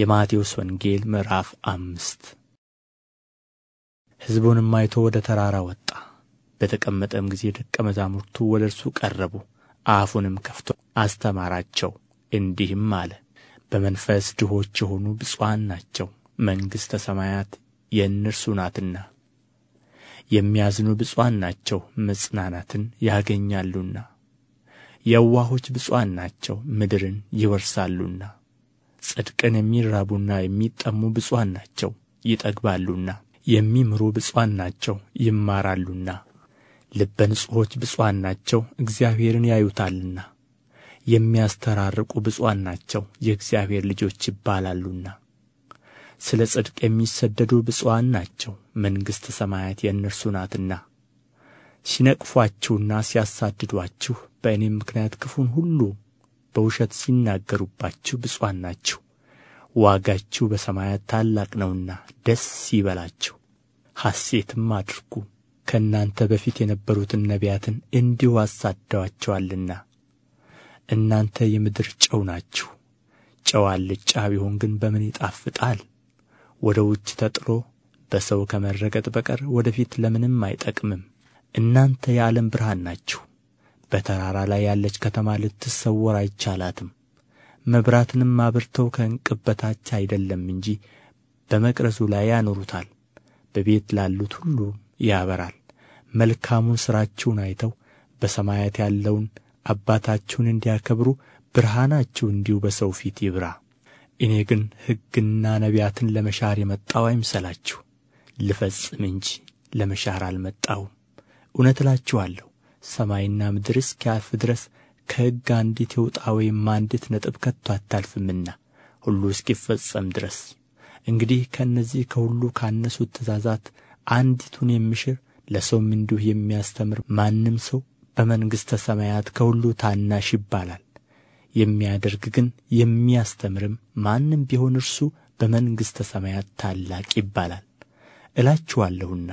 የማቴዎስ ወንጌል ምዕራፍ አምስት ሕዝቡንም አይቶ ወደ ተራራ ወጣ። በተቀመጠም ጊዜ ደቀ መዛሙርቱ ወደ እርሱ ቀረቡ። አፉንም ከፍቶ አስተማራቸው፣ እንዲህም አለ። በመንፈስ ድሆች የሆኑ ብፁዓን ናቸው፣ መንግሥተ ሰማያት የእነርሱ ናትና። የሚያዝኑ ብፁዓን ናቸው፣ መጽናናትን ያገኛሉና። የዋሆች ብፁዓን ናቸው፣ ምድርን ይወርሳሉና። ጽድቅን የሚራቡና የሚጠሙ ብፁዓን ናቸው ይጠግባሉና። የሚምሩ ብፁዓን ናቸው ይማራሉና። ልበ ንጹሖች ብፁዓን ናቸው እግዚአብሔርን ያዩታልና። የሚያስተራርቁ ብፁዓን ናቸው የእግዚአብሔር ልጆች ይባላሉና። ስለ ጽድቅ የሚሰደዱ ብፁዓን ናቸው መንግሥተ ሰማያት የእነርሱ ናትና። ሲነቅፏችሁና ሲያሳድዷችሁ በእኔም ምክንያት ክፉን ሁሉ በውሸት ሲናገሩባችሁ ብፁዓን ናችሁ ዋጋችሁ በሰማያት ታላቅ ነውና ደስ ይበላችሁ ሐሴትም አድርጉ ከእናንተ በፊት የነበሩትን ነቢያትን እንዲሁ አሳደዋቸዋልና እናንተ የምድር ጨው ናችሁ ጨው አልጫ ቢሆን ግን በምን ይጣፍጣል ወደ ውጭ ተጥሎ በሰው ከመረገጥ በቀር ወደፊት ለምንም አይጠቅምም እናንተ የዓለም ብርሃን ናችሁ በተራራ ላይ ያለች ከተማ ልትሰወር አይቻላትም። መብራትንም አብርተው ከንቅበታች በታች አይደለም እንጂ በመቅረዙ ላይ ያኖሩታል፣ በቤት ላሉት ሁሉ ያበራል። መልካሙን ሥራችሁን አይተው በሰማያት ያለውን አባታችሁን እንዲያከብሩ ብርሃናችሁ እንዲሁ በሰው ፊት ይብራ። እኔ ግን ሕግና ነቢያትን ለመሻር የመጣው አይምሰላችሁ፣ ልፈጽም እንጂ ለመሻር አልመጣሁም። እውነት እላችኋለሁ ሰማይና ምድር እስኪያልፍ ድረስ ከሕግ አንዲት የውጣ ወይም አንዲት ነጥብ ከቶ አታልፍምና ሁሉ እስኪፈጸም ድረስ እንግዲህ ከእነዚህ ከሁሉ ካነሱት ትእዛዛት አንዲቱን የሚሽር ለሰውም እንዲሁ የሚያስተምር ማንም ሰው በመንግሥተ ሰማያት ከሁሉ ታናሽ ይባላል። የሚያደርግ ግን የሚያስተምርም ማንም ቢሆን እርሱ በመንግሥተ ሰማያት ታላቅ ይባላል። እላችኋለሁና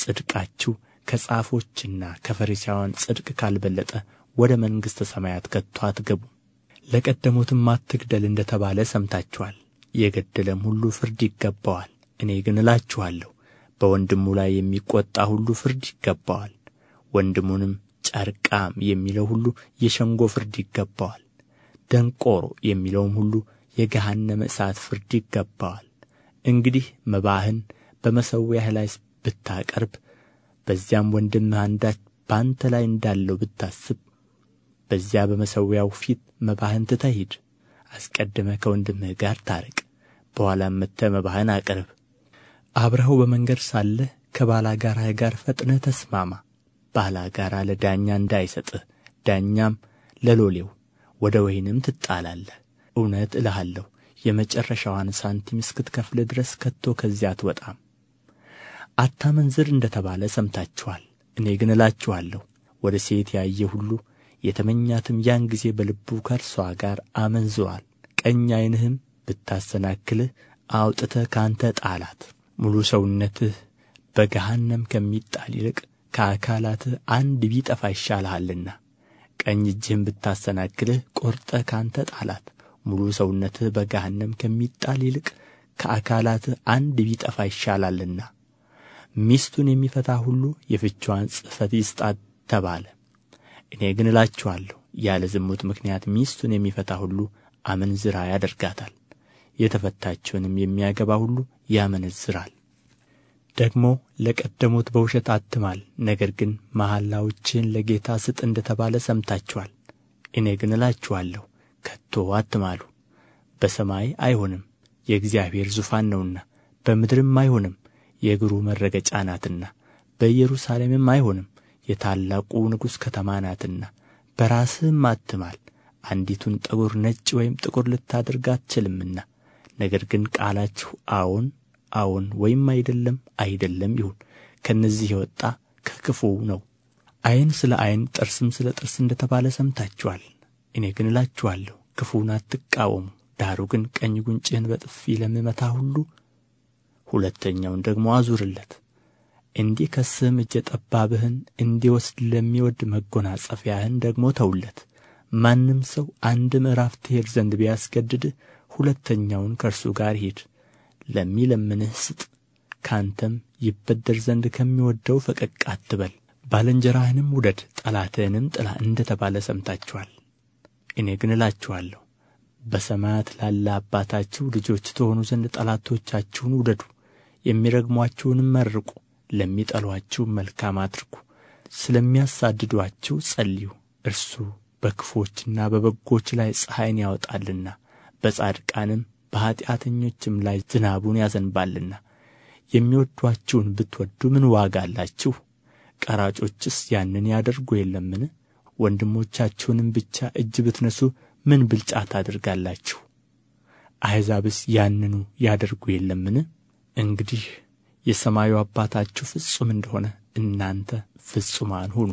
ጽድቃችሁ ከጻፎችና ከፈሪሳውያን ጽድቅ ካልበለጠ ወደ መንግሥተ ሰማያት ከቶ አትገቡም። ለቀደሙትም አትግደል እንደ ተባለ ሰምታችኋል። የገደለም ሁሉ ፍርድ ይገባዋል። እኔ ግን እላችኋለሁ በወንድሙ ላይ የሚቆጣ ሁሉ ፍርድ ይገባዋል። ወንድሙንም ጨርቃም የሚለው ሁሉ የሸንጎ ፍርድ ይገባዋል። ደንቆሮ የሚለውም ሁሉ የገሃነመ እሳት ፍርድ ይገባዋል። እንግዲህ መባህን በመሠዊያህ ላይ ብታቀርብ በዚያም ወንድምህ አንዳች በአንተ ላይ እንዳለው ብታስብ በዚያ በመሠዊያው ፊት መባህን ትተህ ሂድ። አስቀድመህ ከወንድምህ ጋር ታረቅ፣ በኋላም መጥተህ መባህን አቅርብ። አብረኸው በመንገድ ሳለህ ከባላጋራህ ጋር ፈጥነህ ተስማማ። ባላጋራ ለዳኛ እንዳይሰጥህ፣ ዳኛም ለሎሌው፣ ወደ ወህኒም ትጣላለህ። እውነት እልሃለሁ የመጨረሻዋን ሳንቲም እስክትከፍል ድረስ ከቶ ከዚያ አትወጣም። አታመንዝር እንደ ተባለ ሰምታችኋል። እኔ ግን እላችኋለሁ ወደ ሴት ያየ ሁሉ የተመኛትም ያን ጊዜ በልቡ ከእርሷ ጋር አመንዝዋል። ቀኝ ዐይንህም ብታሰናክልህ አውጥተህ ካንተ ጣላት። ሙሉ ሰውነትህ በገሃነም ከሚጣል ይልቅ ከአካላትህ አንድ ቢጠፋ ይሻልሃልና። ቀኝ እጅህም ብታሰናክልህ ቆርጠህ ካንተ ጣላት። ሙሉ ሰውነትህ በገሃነም ከሚጣል ይልቅ ከአካላትህ አንድ ቢጠፋ ይሻላልና። ሚስቱን የሚፈታ ሁሉ የፍቿን ጽሕፈት ይስጣት ተባለ። እኔ ግን እላችኋለሁ ያለ ዝሙት ምክንያት ሚስቱን የሚፈታ ሁሉ አመንዝራ ያደርጋታል፣ የተፈታችውንም የሚያገባ ሁሉ ያመነዝራል። ደግሞ ለቀደሙት በውሸት አትማል፣ ነገር ግን መሐላዎችህን ለጌታ ስጥ እንደተባለ ሰምታችኋል። እኔ ግን እላችኋለሁ ከቶ አትማሉ። በሰማይ አይሆንም፣ የእግዚአብሔር ዙፋን ነውና፣ በምድርም አይሆንም የእግሩ መረገጫ ናትና፣ በኢየሩሳሌምም አይሆንም፣ የታላቁ ንጉሥ ከተማ ናትና። በራስህም አትማል፣ አንዲቱን ጠጉር ነጭ ወይም ጥቁር ልታደርግ አትችልምና። ነገር ግን ቃላችሁ አዎን አዎን ወይም አይደለም አይደለም ይሁን። ከእነዚህ የወጣ ከክፉ ነው። አይን ስለ አይን ጥርስም ስለ ጥርስ እንደተባለ ሰምታችኋል። እኔ ግን እላችኋለሁ ክፉውን አትቃወሙ። ዳሩ ግን ቀኝ ጉንጭህን በጥፊ ለሚመታ ሁሉ ሁለተኛውን ደግሞ አዙርለት። እንዲከስህም እጀ ጠባብህን እንዲወስድ ለሚወድ መጎናጸፊያህን ደግሞ ተውለት። ማንም ሰው አንድ ምዕራፍ ትሄድ ዘንድ ቢያስገድድህ ሁለተኛውን ከእርሱ ጋር ሂድ። ለሚለምንህ ስጥ፣ ካንተም ይበደር ዘንድ ከሚወደው ፈቀቅ አትበል። ባልንጀራህንም ውደድ፣ ጠላትህንም ጥላ እንደ ተባለ ሰምታችኋል። እኔ ግን እላችኋለሁ በሰማያት ላለ አባታችሁ ልጆች ትሆኑ ዘንድ ጠላቶቻችሁን ውደዱ የሚረግሟችሁንም መርቁ ለሚጠሉአችሁም መልካም አድርጉ ስለሚያሳድዷችሁ ጸልዩ እርሱ በክፎችና በበጎች ላይ ፀሐይን ያወጣልና በጻድቃንም በኃጢአተኞችም ላይ ዝናቡን ያዘንባልና የሚወዷችሁን ብትወዱ ምን ዋጋ አላችሁ? ቀራጮችስ ያንን ያደርጉ የለምን? ወንድሞቻችሁንም ብቻ እጅ ብትነሱ ምን ብልጫ ታደርጋላችሁ? አሕዛብስ ያንኑ ያደርጉ የለምን? እንግዲህ የሰማዩ አባታችሁ ፍጹም እንደሆነ እናንተ ፍጹማን ሁኑ